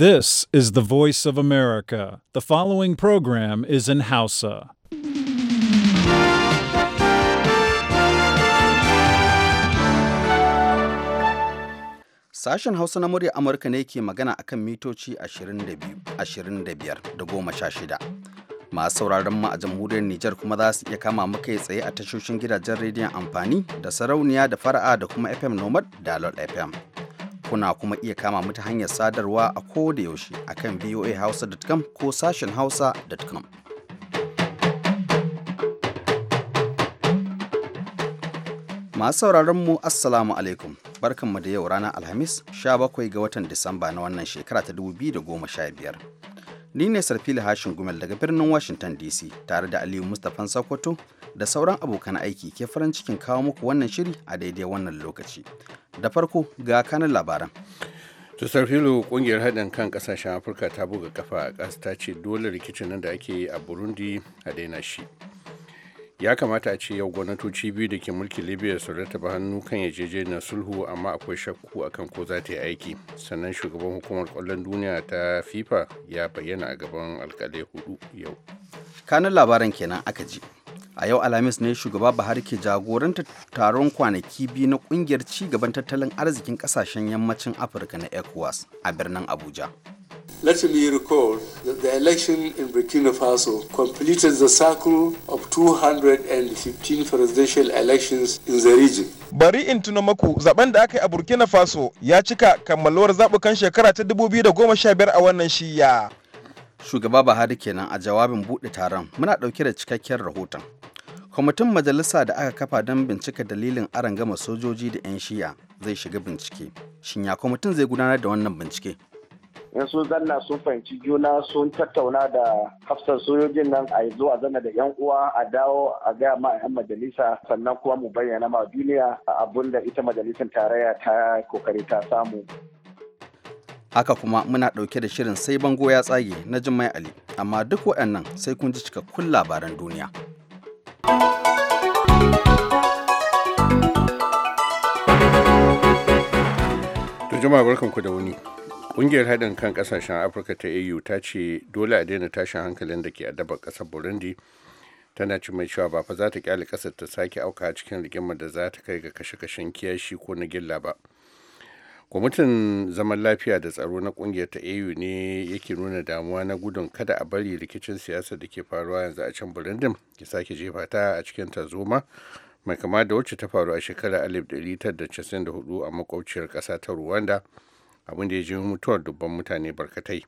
This is the voice of America. The following program is in Hausa. Sashen Hausa na murya Amurka ne ke magana akan mitoci 22, 25 da goma sha shida Masu sauraron mu a jamhuriyar Nijar kuma za su iya kama muka yi tsaye a tashoshin gidajen rediyon amfani da sarauniya da fara'a da kuma FM Nomad da FM. kuna kuma iya kama mu hanyar sadarwa a ko da yaushe a akan voahausa.com ko sashen hausa.com. Masu sauraron mu Assalamu alaikum. Barkanmu da yau ranar Alhamis 17 ga watan Disamba na wannan shekara ta 2015. Ni ne Sarfila Hashin Gumel daga birnin Washington DC tare da Aliyu Mustapha Sokoto da sauran abokan aiki ke farin cikin kawo muku wannan shiri a daidai wannan lokaci. Da farko ga kanan labaran. To Sarfilo kungiyar haɗin kan ƙasashen Afirka ta buga kafa a ƙasa ta ce dole rikicin nan da ake yi a Burundi a daina shi. ya kamata a ce yau gwamnatoci biyu da ke mulki libya su rattaba hannu kan yarjejeniyar sulhu amma akwai shakku akan ko za ta yi aiki sannan shugaban hukumar kwallon duniya ta fifa ya bayyana a gaban alkalai hudu yau kanun labaran kenan aka ji a yau alhamis ne shugaba buhari ke jagorantar taron kwanaki biyu na kungiyar ci gaban tattalin arzikin kasashen yammacin afirka na ecowas a birnin abuja Let me recall that the election in Burkina Faso completed the cycle of 215 presidential elections in the region. Bari in tuna maku zaben da aka yi a Burkina Faso ya cika kammalwar zabukan shekara ta 2015 a wannan shiya. Shugaba Buhari kenan a jawabin buɗe taron muna ɗauke da cikakken rahoton. kwamitin majalisa da aka kafa don bincika dalilin gama sojoji da 'yan shi'a zai shiga bincike shin ya kwamitin zai gudanar da wannan bincike in sun zanna sun fahimci juna sun tattauna da hafsan sojojin nan a zo a zanna da yan uwa a dawo a gaya ma yan majalisa sannan kuma mu bayyana ma duniya a abun da ita majalisar tarayya ta kokari ta samu haka kuma muna ɗauke da shirin sai bango ya tsage na jimai ali amma duk waɗannan sai kun ji cikakkun labaran duniya to jama'a barkanku da wuni Ƙungiyar haɗin kan ƙasashen Afirka ta AU ta ce dole a daina tashin hankalin da ke adaba ƙasar Burundi tana ci mai cewa ba fa za ta kyale ƙasar ta sake auka a cikin rigimar da za ta kai ga kashe-kashen kiyashi ko na gilla ba. Kwamitin zaman lafiya da tsaro na ƙungiyar ta AU ne yake nuna damuwa na gudun kada a bari rikicin siyasa da ke faruwa yanzu a can Burundin ya sake jefa ta a cikin tarzoma mai kama da wacce ta faru a shekarar 1994 a makwabciyar ƙasa ta Rwanda. abin da ya ji mutuwar dubban mutane barkatai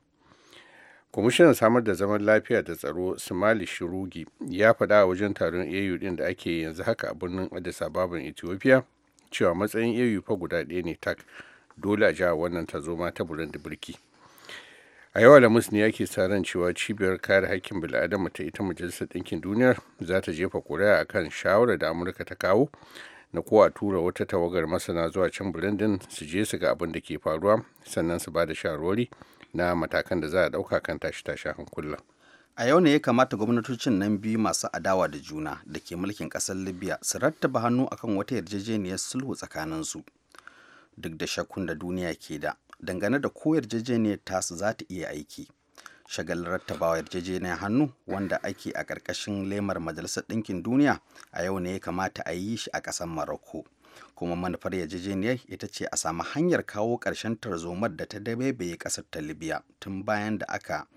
kwamishinan samar da zaman lafiya da tsaro somali shirugi ya faɗa a wajen taron au din da ake yanzu haka a birnin addis ababa ethiopia cewa matsayin au fa guda ɗaya ne tak dole a ja wannan ta zoma ta burin da birki a yau alamus ne ake sa ran cewa cibiyar kare hakkin bil'adama ta ita majalisar ɗinkin duniya za ta jefa ƙuri'a akan shawarar da amurka ta kawo na ko a tura wata tawagar masana zuwa can birnin su je su ga abin da ke faruwa sannan su ba da shawarwari na matakan da za a dauka kan tashi-tashi hankula. A yau ne ya kamata gwamnatocin nan biyu masu adawa da juna da ke mulkin kasar Libya su rattaba hannu akan wata yarjejeniyar sulhu tsakanin su Duk da shakkun da duniya ke da, dangane da ko yarjejeniyar tasu za ta iya aiki. shagal rattabawa yarjejeniyar hannu wanda ake a ƙarƙashin lemar majalisar ɗinkin duniya a yau ne ya kamata a yi shi a ƙasar maroko kuma manufar yarjejeniyar ita ce a samu hanyar kawo ƙarshen tarzomar da ta dabaibaye ƙasar ta libya tun bayan da aka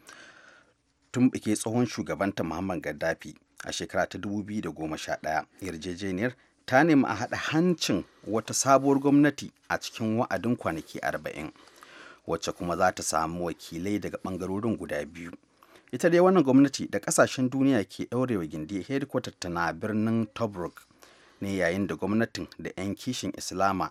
tumɓuke tsohon shugabanta muhammad gaddafi a shekara ta 2011 yarjejeniyar ta nemi a haɗa hancin wata sabuwar gwamnati a cikin wa'adin kwanaki arba'in. wacce kuma za ta samu wakilai daga bangarorin guda biyu ita dai wannan gwamnati da kasashen duniya ke daurewa gindi headquarter ta na birnin tobruk ne yayin da gwamnatin da 'yan kishin islama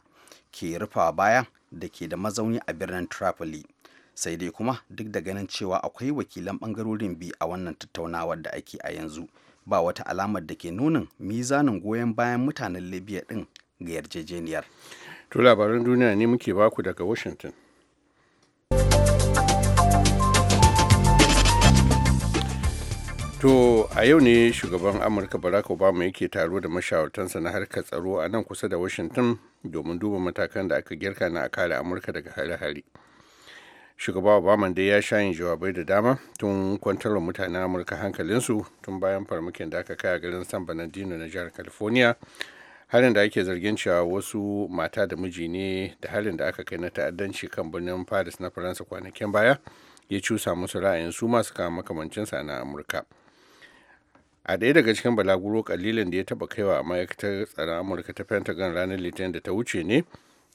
ke rufawa baya da ke da mazauni a birnin tripoli sai dai kuma duk da ganin cewa akwai wakilan bangarorin biyu a wannan tattaunawar da ake a yanzu ba wata alamar da ke nunin mizanin goyon bayan mutanen libya din ga yarjejeniyar to labaran duniya ne muke baku daga washington To a yau ne shugaban Amurka Barack Obama yake taro da mashawartansa na harkar tsaro a nan kusa da Washington domin duba matakan da aka girka na a kare Amurka daga hare-hare. Shugaba Obama dai ya sha yin jawabai da dama tun kwantar kwantarwa mutanen Amurka hankalinsu tun bayan farmakin da aka kai a garin San Bernardino na jihar California. halin da ake zargin cewa wasu mata da miji ne da halin da aka kai na ta'addanci kan birnin Paris na Faransa kwanakin baya ya cusa musu ra'ayin su masu kama makamancinsa na Amurka. a ɗaya daga cikin balaguro kalilan da ya taɓa kaiwa a ma'aikatar tsaron amurka ta pentagon ranar litinin da ta wuce ne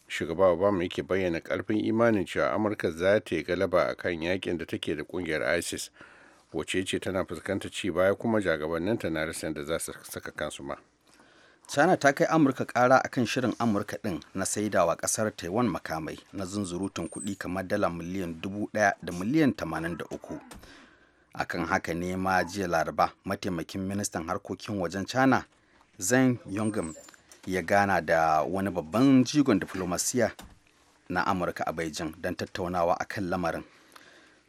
shugaba obama yake bayyana karfin imanin cewa amurka za ta yi galaba a kan yakin da take da kungiyar isis wace ce tana fuskanta ci baya kuma jagabanninta na rasan da za su saka kansu ma china ta kai amurka kara akan shirin amurka din na saidawa kasar taiwan makamai na zunzurutun kuɗi kamar dala miliyan dubu ɗaya da miliyan tamanin da uku akan haka ne ma jiya laraba mataimakin ministan harkokin wajen china zeng yongam ya gana da wani babban jigon diflomasiyya na amurka a beijing don tattaunawa akan lamarin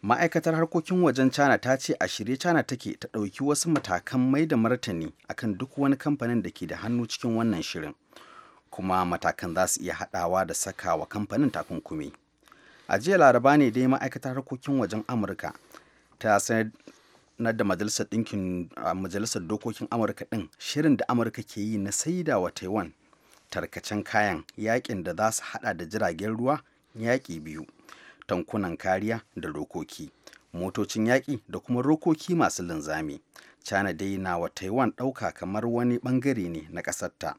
ma'aikatar harkokin wajen china ta ce a shirye china take ta ɗauki wasu matakan mai da martani akan duk wani kamfanin da ke da hannu cikin wannan shirin kuma matakan za su iya haɗawa da saka wa kamfanin takunkumi a jiya laraba ne dai ma'aikatar harkokin wajen amurka ta sanar da majalisar ɗinkin majalisar dokokin amurka ɗin shirin da amurka ke yi na saida wa taiwan tarkacen kayan yakin da za su hada da jiragen ruwa yaƙi biyu tankunan kariya da rokoki motocin yaƙi da kuma rokoki masu linzami china dai na wa taiwan ɗauka kamar wani ɓangare ne na ƙasarta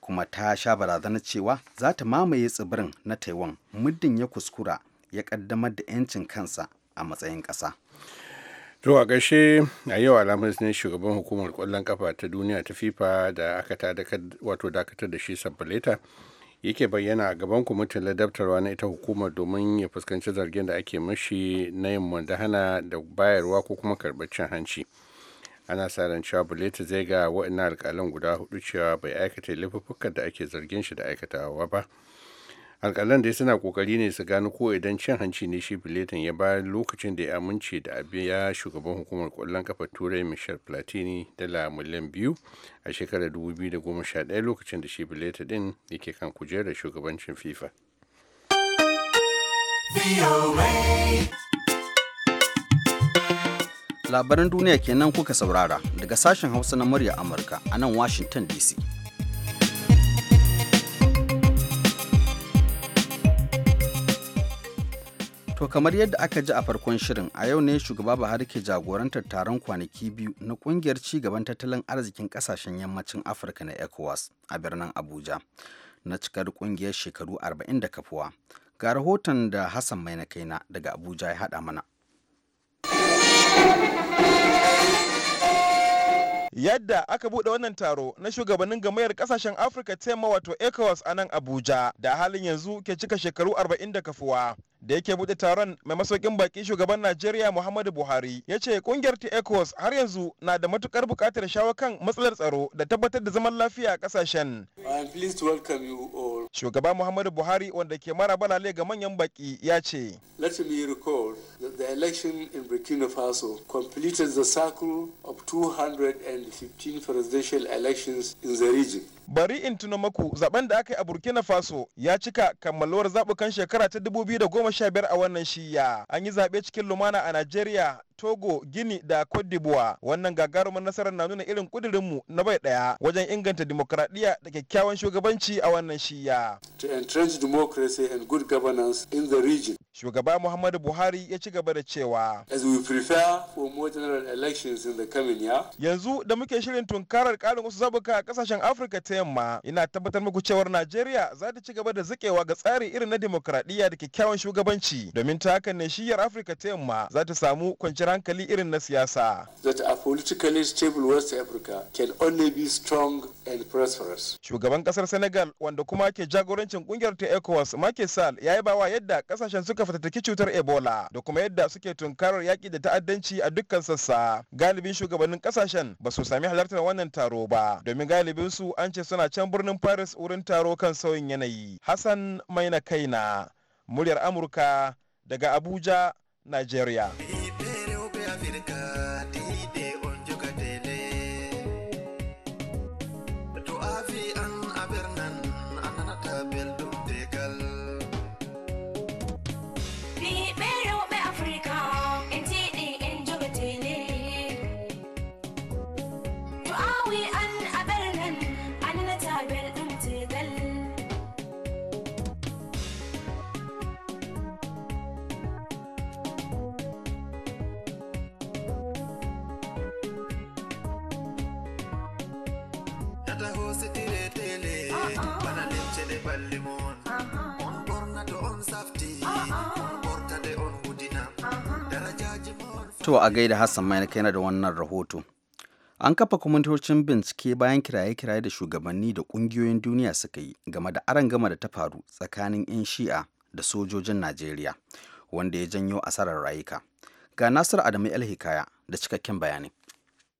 kuma ta sha barazanar cewa za ta mamaye tsibirin na taiwan muddin ya kuskura ya ƙaddamar da 'yancin kansa a matsayin ƙasa zuwa a ƙarshe a yau alamar ne shugaban hukumar kwallon kafa ta duniya ta FIFA da aka ta wato dakatar da shi sabbaleta yake bayyana a gaban kwamitin ladabtarwa na ita hukumar domin ya fuskanci zargin da ake mashi na yin mandahana da bayarwa ko kuma karɓar cin hanci. Ana sa ran cewa Buleta zai ga waɗannan alƙalan guda hudu cewa bai aikata laifuffukan da ake zargin shi da aikatawa ba. alƙalan dai suna kokari ne su gano ko idan cin hanci ne shi biletin ya bayar lokacin da ya amince da abin ya shugaban hukumar kwallon kafa turai michel platini dala miliyan biyu a shekarar 2011 lokacin da shi bileta din yake kan kujerar shugabancin fifa labaran duniya kenan kuka saurara daga sashen hausa na murya amurka a nan washington dc To kamar yadda aka ji a farkon shirin a yau ne shugaba Buhari ke jagorantar taron kwanaki biyu na kungiyar ci gaban tattalin arzikin kasashen yammacin Afirka na ECOWAS a birnin Abuja na cikar kungiyar shekaru 40 da kafuwa. Ga rahoton da Hassan mai na kaina daga Abuja ya haɗa mana. yadda aka bude wannan taro na shugabannin gamayar kasashen afirka tema wato ecowas a nan abuja da halin yanzu ke cika shekaru 40 da kafuwa da yake bude taron mai masaukin baki shugaban Najeriya Muhammadu Buhari ya ce kungiyar ta ECOWAS har yanzu na da matukar bukatar shawo kan matsalar tsaro da tabbatar da zaman lafiya a kasashen. Shugaba Muhammadu Buhari wanda ke mara balale ga manyan baki ya ce. Let me recall that the election in Burkina Faso completed the circle of 215 presidential elections in the region. bari in tuna maku zaben da aka yi a burkina faso ya cika kammalwar zabukan shekara ta 2015 a wannan shiya an yi zaɓe cikin lumana a najeriya Togo, Gini da Cote d'Ivoire. Wannan gagarumin nasarar na nuna irin mu na bai daya wajen inganta demokradiyya da kyakkyawan shugabanci a wannan shiya. To entrench democracy and good governance in the region. Shugaba Muhammadu Buhari ya ci gaba da cewa. As we prepare for more general elections in the coming year. Yanzu da muke shirin tunkarar karin wasu zabuka a kasashen Afirka ta yamma, ina tabbatar muku cewar Najeriya za ta ci gaba da zikewa ga tsari irin na demokradiyya da kyakkyawan shugabanci domin ta hakan ne shiyar Afirka ta yamma za ta samu kwanciyar kwanciyar hankali irin na siyasa. That a politically stable West Africa can only be strong and prosperous. Shugaban kasar Senegal wanda kuma ke jagorancin kungiyar ta ECOWAS Macky Sall ya yi bawa yadda kasashen suka fatattaki cutar Ebola da kuma yadda suke tunkarar yaki da ta'addanci a dukkan sassa. Galibin shugabannin kasashen ba su sami halartar wannan taro ba domin galibin su an ce suna can birnin Paris wurin taro kan sauyin yanayi. Hassan Maina Kaina, muryar Amurka daga Abuja, Nigeria. taho ah, ah. ah, a gaida hassan mai kaina da wannan rahoto an kafa kwamitocin bincike bayan kiraye-kiraye da shugabanni da ƙungiyoyin duniya suka yi game da aron gama da ta faru tsakanin 'yan shi'a da sojojin najeriya wanda ya janyo asarar rayuka ga nasiru adamu el hikaya da cikakken bayani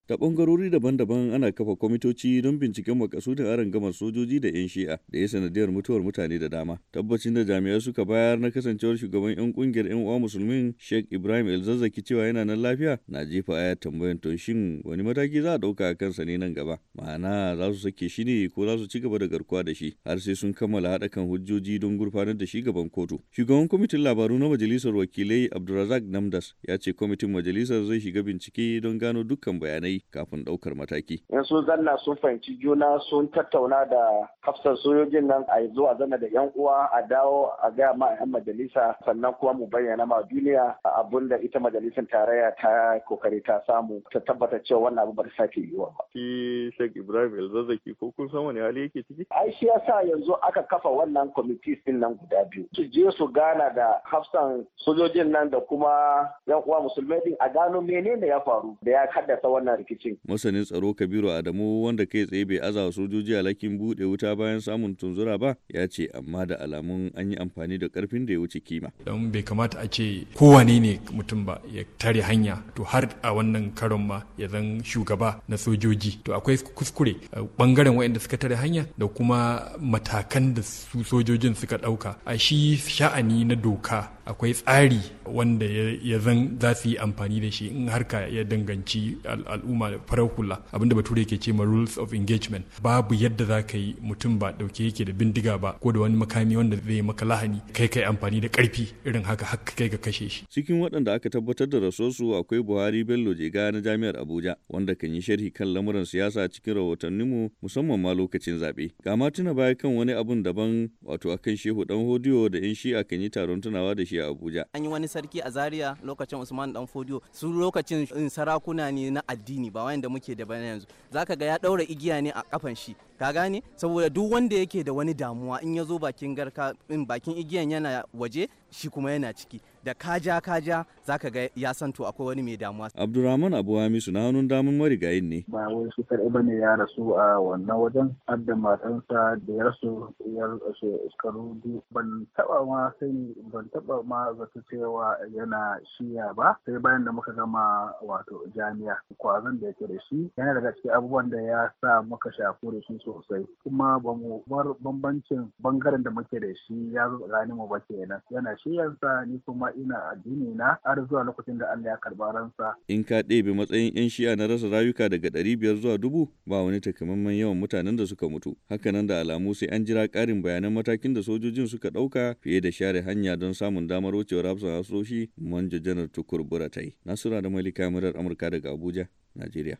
ta bangarori daban-daban ana kafa kwamitoci don binciken makasudin aron gamar sojoji da 'yan shi'a da ya sanadiyar mutuwar mutane da dama tabbacin da jami'ai suka bayar na kasancewar shugaban 'yan kungiyar 'yan uwa musulmin sheikh ibrahim elzazzaki cewa yana nan lafiya na jefa aya tambayan to shin wani mataki za a ɗauka a kansa ne nan gaba ma'ana za su sake shi ne ko za su ci gaba da garkuwa da shi har sai sun kammala haɗa kan hujjoji don gurfanar da shi gaban kotu shugaban kwamitin labaru na majalisar wakilai abdulrazak namdas ya ce kwamitin majalisar zai shiga bincike don gano dukkan bayanai yi kafin ɗaukar mataki. In sun zanna sun fahimci juna sun tattauna da hafsan sojojin nan a yanzu a zanna da yan uwa a dawo a gaya ma 'yan majalisa sannan kuma mu bayyana ma duniya abun da ita majalisar tarayya ta kokari ta samu ta tabbata cewa wannan abu ba ta sake yiwuwa ba. Ki Sheikh Ibrahim Elzazaki ko kun san wani hali yake ciki? Ai shi yasa yanzu aka kafa wannan kwamiti din nan guda biyu. Su je su gana da hafsan sojojin nan da kuma yan uwa musulmai din a gano menene ya faru da ya haddasa wannan rikicin. Masanin tsaro Kabiru Adamu wanda kai tsaye bai aza wa sojoji alakin buɗe wuta bayan samun tunzura ba ya ce amma da alamun an yi amfani da ƙarfin da ya wuce kima. Don bai kamata a ce kowane ne mutum ba ya tare hanya to har a wannan karon ma ya zan shugaba na sojoji to akwai kuskure bangaren waɗanda suka tare hanya da kuma matakan da su sojojin suka ɗauka a shi sha'ani na doka akwai tsari wanda ya zan za su yi amfani da shi in harka ya danganci al'umma al'umma farar hula abinda bature ke ce ma rules of engagement babu yadda za ka yi mutum ba dauke yake da bindiga ba ko da wani makami wanda zai maka lahani kai kai amfani da karfi irin haka haka kai ga kashe shi cikin waɗanda aka tabbatar da rasosu akwai Buhari Bello Jega na Jami'ar Abuja wanda kan yi sharhi kan lamuran siyasa cikin mu musamman ma lokacin zaɓe ga ma baya kan wani abun daban wato akan Shehu Dan Hodiyo da 'yan Shi'a kan yi taron tunawa da shi a Abuja an yi wani sarki a Zaria lokacin Usman Dan Hodiyo su lokacin sarakuna ne na addini addini ba wanda muke da bana yanzu zaka ga ya daura igiya ne a kafan shi ka gane saboda duk wanda yake da wani damuwa in ya zo bakin garka in bakin igiyan yana waje shi kuma yana ciki da kaja kaja zaka ga ya san to akwai wani mai damuwa Abdurrahman Abu Hamisu na hannun damun marigayin ne ba wai su kadai bane ya rasu a wannan wajen har da matansa da ya rasu ya rasu iskaru ban taba ma sai ban taba ma zato cewa yana shiya ba sai bayan da muka gama wato jami'a kwazon da yake da shi yana daga cikin abubuwan da ya sa muka shafu da shi sosai kuma ba mu bar bambancin bangaren da muke da shi ya zo tsakanin mu ba kenan yana shiyansa ni kuma ina addini na har zuwa lokacin da Allah ya karba ransa in ka ɗebe matsayin yan shi'a na rasa rayuka daga ɗari biyar zuwa dubu ba wani takamaiman yawan mutanen da suka mutu hakanan da alamu sai an jira ƙarin bayanan matakin da sojojin suka ɗauka fiye da share hanya don samun damar wucewar hafsan hasoshi manja janar tukur buratai nasura da malika murar amurka daga abuja najeriya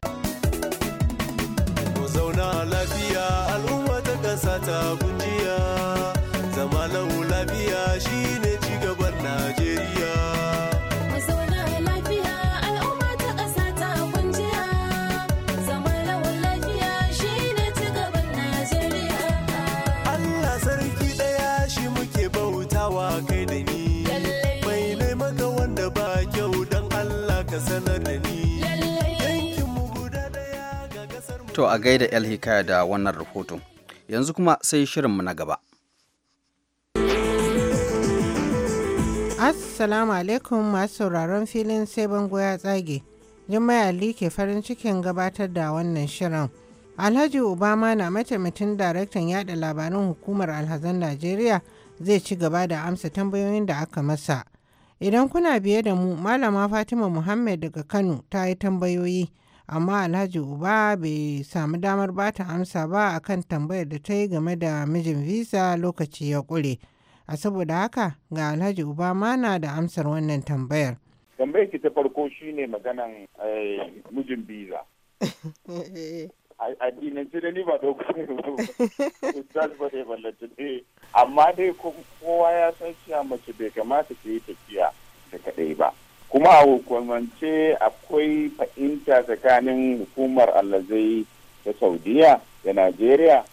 zauna lafiya al'umma ta kasa ta kujiya. To a gaida El Hikaya da wannan rahoton. Yanzu kuma sai shirin mu na gaba. Assalamu alaikum masu sauraron filin sai bango ya tsage. Jummai Ali ke farin cikin gabatar da wannan shirin. Alhaji Obama na mataimakin daraktan yada labaran hukumar alhazan Najeriya zai ci gaba da amsa tambayoyin da aka masa. Idan kuna biye da mu, Malama Fatima Muhammad daga Kano ta yi tambayoyi. amma alhaji uba bai samu damar ba ta amsa ba a kan tambayar da ta yi game da mijin visa lokaci ya kure, a saboda haka ga alhaji uba mana da amsar wannan tambayar tambayar ki ta farko shine maganan eh, mijin visa a addinance da ni ba da hukumar amma dai kowa ya san cewa mace bai kamata ta yi tafiya da kadai ba kuma a hukumance akwai fahimta tsakanin hukumar allazai ta saudiya da najeriya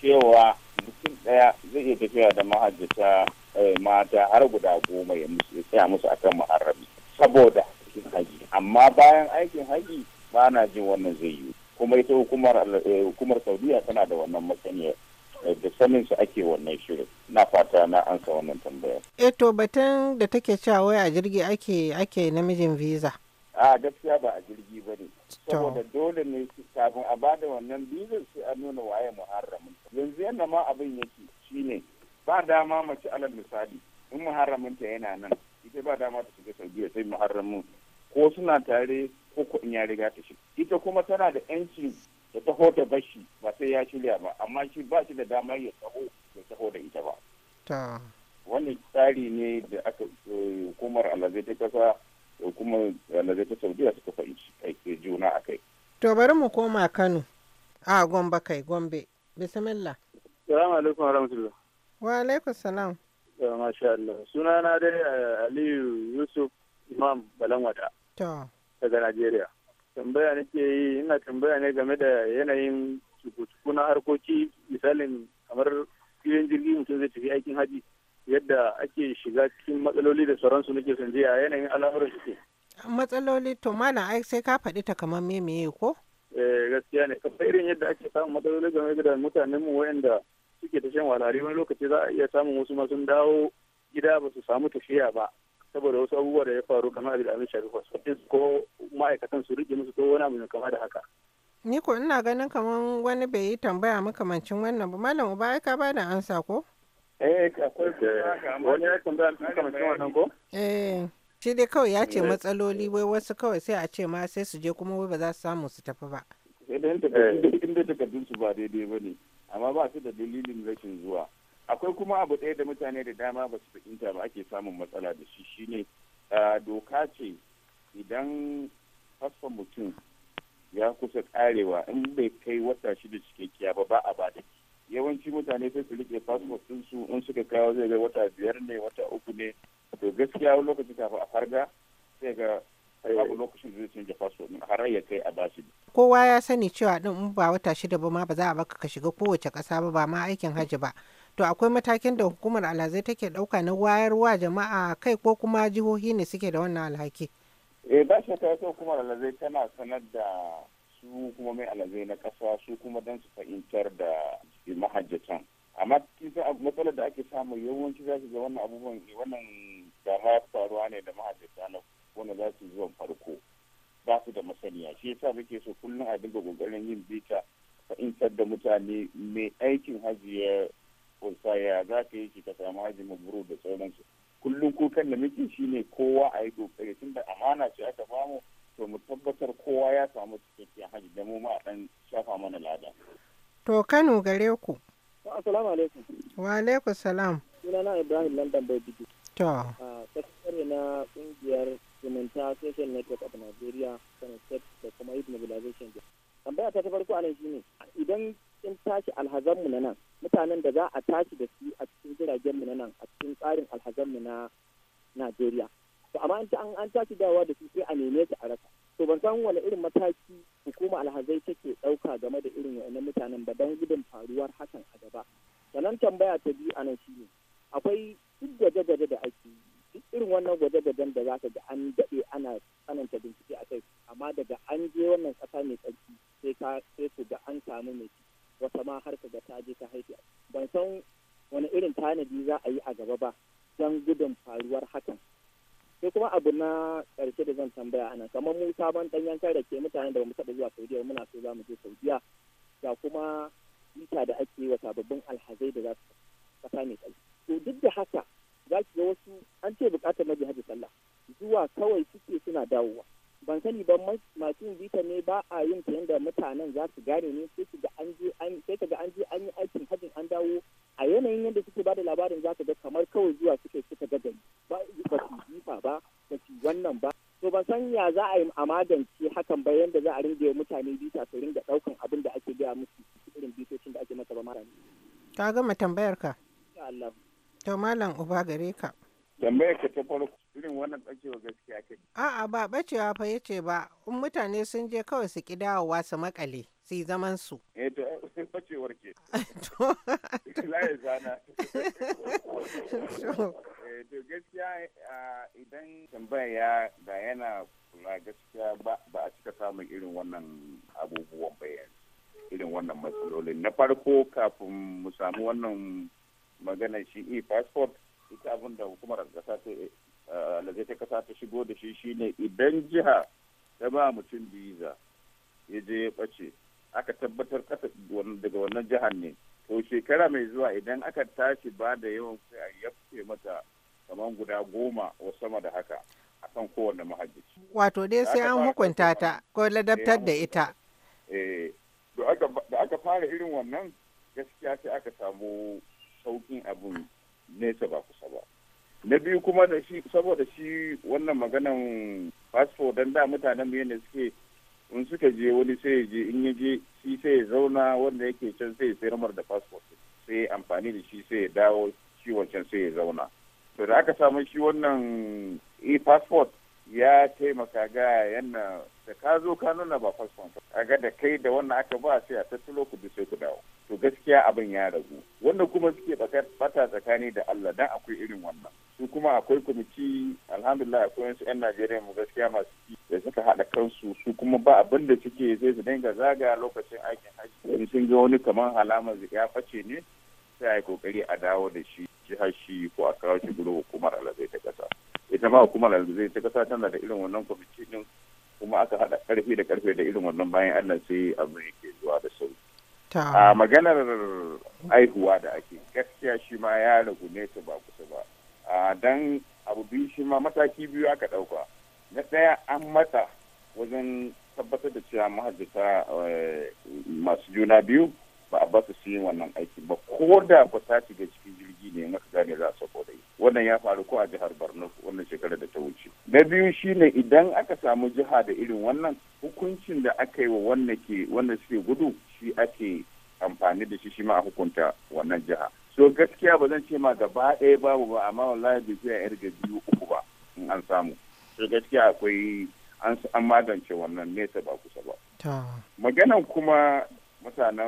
cewa mutum ɗaya zai iya tafiya da mahajjata eh, mata har guda goma ya tsaya musu akan ma'arabi saboda aikin haji amma bayan aikin haji ba na jin wannan zai yi kuma ita eh, hukumar saudiya tana da wannan masaniyar da sanin su ake wannan shirin na fata na an ansa wannan tambaya eh to batun da take cewa wai a jirgi ake ake namijin visa a gaskiya ba a jirgi ba ne saboda dole ne kafin a bada wannan visa sai a nuna waye muharramin yanzu yadda ma abin yake shine ba dama mace alal misali in muharramin ta yana nan ita ba dama ta shiga saudiya sai muharramin ko suna tare ko kuɗin ya riga ta shiga ita kuma tana da yanci ta taho ta bashi ba sai ya shirya ba amma shi ba shi da damar ya taho ya taho da ita ba wannan tsari ne da aka eh, hukumar alazai ta kasa hukumar alazai ta saudiya suka fahimci juna a kai to bari mu koma kano a gombe kai gombe bismillah salamu alaikum warahmatullah wa alaikum salam masha Allah sunana dai eh, Aliyu Yusuf Imam Balanwata daga Najeriya tambaya nake yi ina tambaya ne game da yanayin cuku na harkoki misalin kamar filin jirgi mutum zai tafi aikin haji yadda ake shiga cikin matsaloli da sauransu nake son je a yanayin al'amuran suke. matsaloli to mana ai sai ka faɗi ta kamar meye ko? Eh, gaskiya ne kafa irin yadda ake samun matsaloli game da mutanen mu wayanda suke ta shan walari wani lokaci za a iya samun wasu masu dawo gida ba su samu tafiya ba saboda wasu abubuwa da ya faru kamar abin da abin shafi ko ma'aikatan su rike musu ko wani abu kama da haka. ni ko ina ganin kamar wani bai yi tambaya makamancin wannan ba malam uba ai ka ba da ansa ko. eh akwai eh, wani ya tambaya makamancin wannan ko. eh shi dai kawai ya ce eh. matsaloli wai wasu kawai sai a ce ma sai su je kuma wai ba za su samu su tafi ba. idan eh, takardun su ba daidai ba ne amma ba su da dalilin rashin zuwa. akwai kuma abu ɗaya da mutane da dama ba su fahimta ba ake samun matsala da shi shine doka ce idan fasfan mutum ya kusa karewa in bai kai wata shida kiya ba ba a ba da yawanci mutane sai su rike sun su in suka kawo zai ga wata biyar ne wata uku ne to gaskiya wani lokaci kafin a farga sai ga babu eh. lokacin da zai canza fasfo din har ya kai a shi. kowa ya sani cewa din ba wata shida ba ma ba za a baka ka shiga kowace ƙasa ba ba ma aikin hajji ba to akwai matakin da hukumar alhazai take ɗauka na wayarwa jama'a kai ko kuma jihohi ne suke da wannan alhaki. eh ba ta ita hukumar alhazai tana sanar da su mai alhazai na kasa su kuma don su fahimtar da mahajjatan amma kisa matsalar da ake samu yawanci za su ga wannan abubuwan wannan dama faruwa ne da mahajjata na wanda za su zuwan farko ba su da masaniya shi yasa muke so kullum a dinga kokarin yin bita fahimtar da mutane mai aikin ya kursa ya za ka yi ka samu haji maburu da sauransu kullum kukan da muke shine kowa a yi kokari tunda amana ce aka bamu to mu tabbatar kowa ya samu cikakken haji da mu ma a dan shafa mana lada to Kano gare ku assalamu alaikum wa alaikum salam sunana Ibrahim London bai biki to sakatare na kungiyar zumunta social network of Nigeria Kano state da kuma youth mobilization tambaya ta ta farko a nan ne idan cikin tashi alhazanmu na nan mutanen da za a tashi da su a cikin jiragen mu na nan a cikin tsarin alhazanmu na najeriya to amma an an tashi dawa da su sai a neme su a rasa to ban san wani irin mataki hukuma alhazai take ɗauka game da irin wa'annan mutanen ba don gudun faruwar hakan a gaba sannan tambaya ta biyu a nan ne akwai duk gwaje-gwaje da ake yi duk irin wannan gwaje-gwajen da za ka ga an daɗe ana tsananta bincike a kai amma daga an je wannan ƙasa mai tsarki sai ka sai ku ga an samu mai ciki wata ma har ga ta je ta haifi ban san wani irin tanadi za a yi a gaba ba don gudun faruwar hakan sai kuma abu na ƙarshe da zan tambaya anan kamar mu sabon dan kai da ke mutane da bamu taɓa zuwa saudiya muna so za mu je saudiya ga kuma bita da ake yi wa sababbin alhazai da za su kasa mai tsayi to duk da haka za ki ga wasu an ce buƙatar na hajji sallah zuwa kawai suke suna dawowa ban sani ba masu bita ne ba a yin ta yadda mutanen za su gane ne a yi a magance hakan ba yadda za a ringe mutane bita su ringa ɗaukan abin da ake gaya musu irin bitocin da ake masa ba mara Ka gama tambayar ka? Allah. To malam uba gare ka. Tambayar ka ta farko irin wannan ɓacewa gaskiya ke A'a ba ɓacewa fa yace ba in mutane sun je kawai su ki dawowa su makale su yi zaman su. Eh to eh, ɓacewar ke. To. Laye zana. Eh, to gaskiya ah, idan tambaya ya yana ba gaskiya ba a cika samun irin wannan abubuwan bayan irin wannan matsalolin na farko kafin mu samu wannan magana shi e passport ita abin da hukumar kasa ta kasa eh, ta shigo da shi shine idan jiha ta ba mutum visa ya je ya bace aka tabbatar kasa daga wannan jihar ne to shekara mai zuwa idan aka tashi ba da yawan sai a yafe mata kamar guda goma wa sama da haka a kan kowane mahajjaci. Wato dai sai an hukunta ta ko ladabtar da ita. Eh, da aka fara irin wannan gaskiya sai aka samu saukin abin nesa ba kusa ba. Na biyu kuma da shi saboda shi wannan maganan fasfo don da mutanen mu yadda suke in suka je wani sai je in ya je shi sai ya zauna wanda yake can sai ya sayar da fasfo sai amfani da shi sai ya dawo ciwon can sai ya zauna. To da aka samu shi wannan e passport ya taimaka ga yana da ka zo ka nuna ba fasfon a ga da kai da wannan aka ba sai a tattalo ku sai ku dawo to gaskiya abin ya ragu Wannan kuma suke bata tsakani da Allah dan akwai irin wannan su kuma akwai kwamiti alhamdulillah akwai wasu yan Najeriya mu gaskiya masu ci da suka haɗa kansu su kuma ba abin da suke zai su dinga zaga lokacin aikin haji wani sun ga wani kamar alamar ya face ne sai a yi kokari a dawo da shi jihar shi ko a kawo shi gudu hukumar alazai ta ƙasa. ita ma hukumar alzai ta kasa tana da irin wannan kwamiti kuma aka hada karfe da karfe da irin wannan bayan allah sai abu yake zuwa da sauri a maganar aihuwa da ake gaskiya shi ma ya ragu ne ta ba kusa ba a dan abu biyu shi ma mataki biyu aka dauka na ɗaya an mata wajen tabbatar da cewa mahajjata eh, masu juna biyu ba a basu su yi wannan aiki ba ko da ba ta shiga cikin jirgi ne maka gane za su da wannan ya faru ko a jihar borno wannan shekarar da ta wuce na biyu shine idan aka samu jiha da irin wannan hukuncin da aka yi wa wannan ke wannan suke gudu shi ake amfani da shi shi ma a hukunta wannan jiha so gaskiya ba zan ce ma gaba ɗaya babu ba amma wallahi bai zai yar ga biyu uku ba in an samu so gaskiya akwai an magance wannan nesa ba kusa ba maganan kuma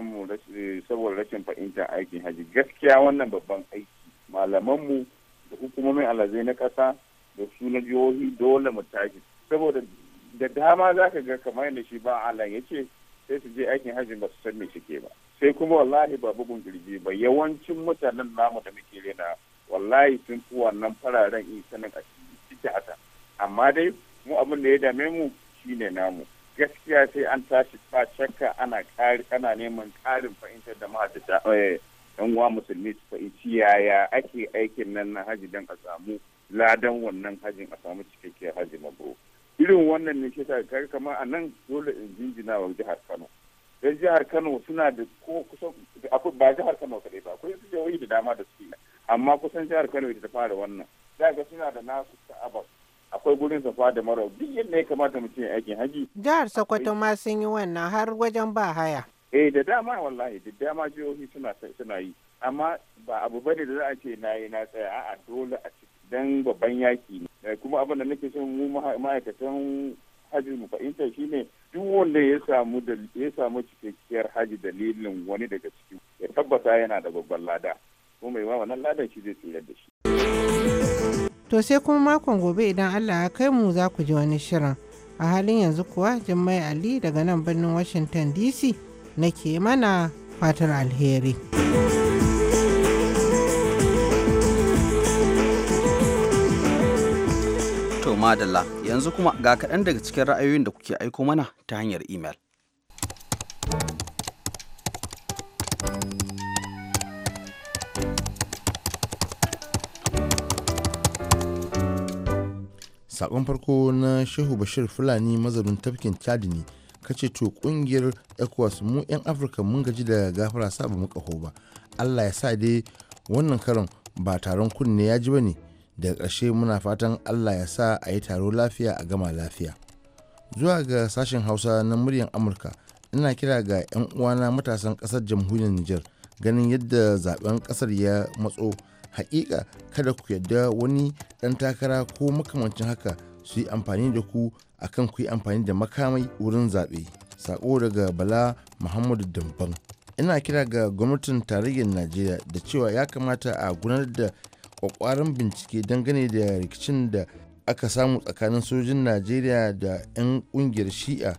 mu eh, saboda rashin fahimtar aikin haji gaskiya wannan babban aiki malamanmu da hukumomin alazai na kasa da su jihohi dole mu tashi saboda da dama za ka ga kamar yadda shi ba alan ya ce sai su je aikin hajji ba su san me suke ba sai kuma wallahi ba bugun girgi ba yawancin mutanen namu da muke rena wallahi sun fi wannan fararen sanin a cikin haka amma dai mu abin da ya dame mu shine namu gaskiya sai an tashi ba shakka ana neman ƙarin fahimtar da ma'aikata eh, yan uwa musulmi su fa'i yaya ake aikin nan na haji don a samu ladan wannan hajin a samu cikakkiyar haji mabro irin wannan ne shi ta kamar a nan dole in jinjina wa jihar kano dan jihar kano suna da ko kusan ba jihar kano kaɗai ba akwai su jihohi da dama da suke amma kusan jihar kano ita ta fara wannan za ga suna da nasu ta'abar akwai gurin safa da marau duk yadda ya kamata mu ya aikin hajji. jihar sokoto ma sun yi wannan har wajen ba haya eh da dama wallahi da dama jihohi suna suna yi amma ba abu bane da za a ce na yi na tsaya a'a dole a ciki dan babban yaki ne eh, kuma abin da nake son mu ma'aikatan haji mu fahimta shine duk wanda ya samu da ya cikakkiyar haji dalilin wani daga ciki ya tabbata yana da babban lada kuma mai wannan ladan shi zai tsira da shi to sai kuma makon gobe idan Allah ya kai mu za ku ji wani shirin a halin yanzu kuwa jimma'i Ali daga nan birnin Washington DC nake mana fatar alheri. To madalla yanzu kuma ga kaɗan daga cikin ra'ayoyin da kuke aiko mana ta hanyar imel. Sakon farko na Shehu Bashir Fulani mazaunin tafkin Chadini kace to kungiyar ecowas mu 'yan afirka mun gaji da gafara sa ba mu kaho ba allah ya sa dai wannan karon ba taron kunne ya ji ba ne da ƙarshe muna fatan allah ya sa a yi taro lafiya a gama lafiya zuwa ga sashen hausa na muryar amurka ina kira ga 'yan uwana matasan ƙasar jamhuriyar niger ganin yadda zaben ƙasar ya matso hakika kada ku yarda wani ɗan takara ko makamancin haka su yi amfani da ku akan ku yi amfani da makamai wurin zaɓe sako daga bala muhammadu damban ina kira ga gwamnatin tarayyar najeriya da cewa ya kamata a gudanar da kwakwaran bincike dangane da rikicin da aka samu tsakanin sojin najeriya da 'yan kungiyar shi'a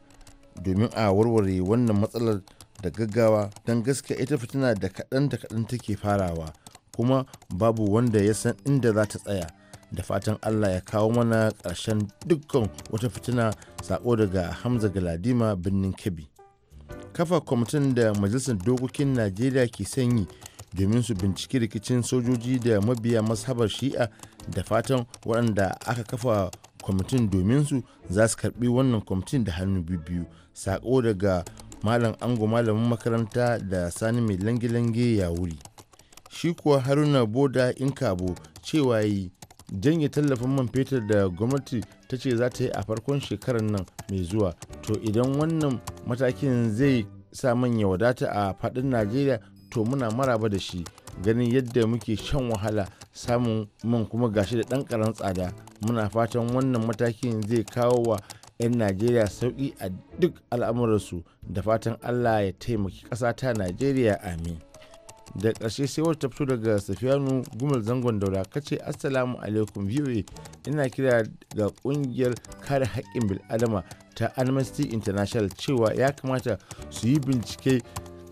domin a warware wannan matsalar da gaggawa don gaske ita fitina da kaɗan da kaɗan take farawa kuma babu wanda ya san inda za ta tsaya da fatan allah ya kawo mana karshen dukkan wata fitina sako daga hamza galadima birnin kebbi kafa kwamitin da majalisar dokokin najeriya ke sanyi domin su binciki rikicin sojoji da mabiya mashabar shi'a da fatan waɗanda aka kafa kwamitin domin su za su karbi wannan kwamitin da hannu biyu sako daga malam ango malamin makaranta da sani mai lange-lange ya wuri shi kuwa haruna boda in cewa yi janye tallafin man fetur da gwamnati ta ce za ta yi a farkon shekarar nan mai zuwa to idan wannan matakin zai sa manya wadata a fadin najeriya to muna maraba da shi ganin yadda muke shan wahala samun man kuma gashi da ɗan karan tsada muna fatan wannan matakin zai kawo wa 'yan najeriya sauki a duk al'amuransu da fatan allah ya taimaki ƙasa ta najeriya amin da ƙarshe sai wata fito daga safiyanu gumal zangon daura kace assalamu alaikum viewe ina kira ga ƙungiyar kare haƙƙin bil'adama ta amnesty international cewa ya kamata su yi bincike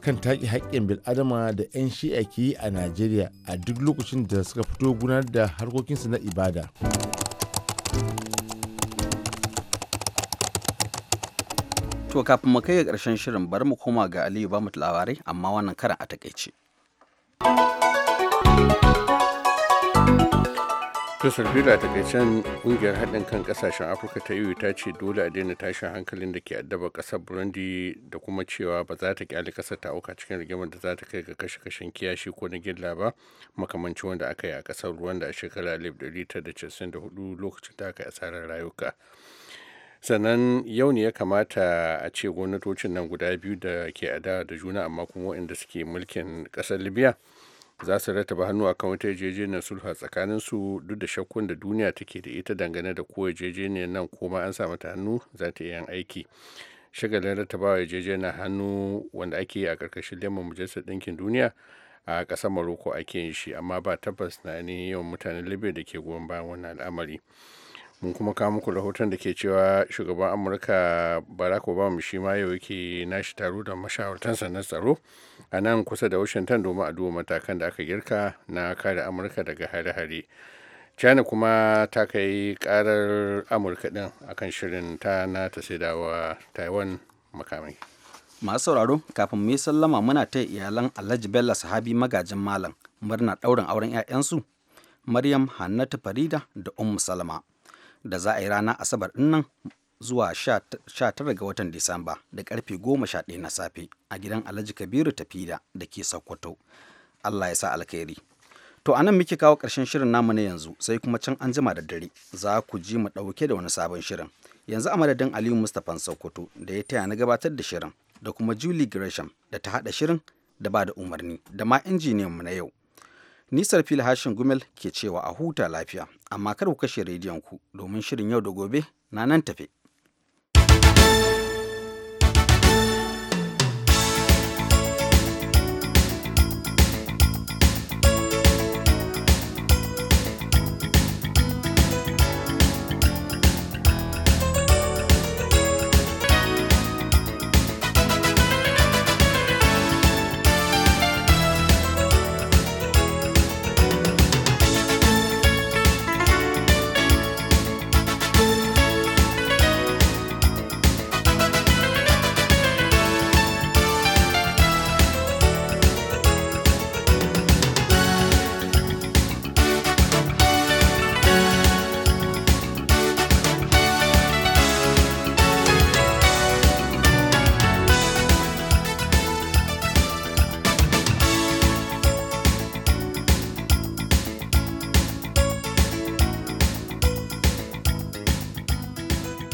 kan taƙi haƙƙin bil'adama da 'yan shi'a ke yi a najeriya a duk lokacin da suka fito gudanar da harkokinsu na ibada. To kafin mu kai ga ƙarshen shirin bari mu koma ga Aliyu ba mu labarai amma wannan karan a takaice. Tusar Bila ta ƙungiyar haɗin kan ƙasashen Afirka ta yi ta ce dole a daina tashin hankalin da ke addaba ƙasar Burundi da kuma cewa ba za ta ƙyale ƙasar ta auka cikin rigimar da za ta kai ga kashe-kashen kiyashi ko na gilla ba makamanci wanda aka yi a ƙasar Rwanda a shekarar 1994 lokacin da aka yi asarar rayuka. sannan yau ne ya kamata a ce gwamnatocin nan guda biyu da ke ada da juna amma kuma waɗanda suke mulkin kasar libya za su rataba hannu a kan wata yarjejeniyar sulhu tsakanin su duk da shakkun da duniya take da ita dangane da ko yarjejeniyar nan ko koma an sa mata hannu za ta iya aiki shagalin rattabawa yarjejeniyar hannu wanda ake yi a karkashin lemon majalisar ɗinkin duniya a ƙasar maroko ake yin shi amma ba tabbas na ne yawan mutanen libya da ke goyon bayan wannan al'amari mun kuma kawo muku rahoton da ke cewa shugaban amurka barack obama shi ma yau yake nashi taro da mashawartansa na tsaro a nan kusa da washington domin a duba matakan da aka girka na kare amurka daga hare-hare china kuma ta kai karar amurka din akan shirin ta na ta saidawa taiwan makamai masu sauraro kafin mu sallama muna ta iyalan alhaji bella sahabi magajin malam murna ɗaurin auren 'ya'yansu maryam hannatu farida da ummu salama da za a yi rana asabar nan zuwa 19 ga watan disamba da karfe 11 na safe a gidan alhaji kabiru tafida da ke sokoto allah ya sa alkhairi to a nan muke kawo karshen shirin namu na yanzu sai kuma can an jima da dare za ku ji mu ɗauke da wani sabon shirin yanzu a madadin aliyu mustapha sokoto da ya taya na gabatar da shirin da kuma julie gresham da ta haɗa shirin da ba da umarni da ma injiniyanmu na yau Nisar fili hashin gumel ke cewa a huta lafiya, amma kar ku kashe rediyon ku domin shirin yau da gobe na nan tafe.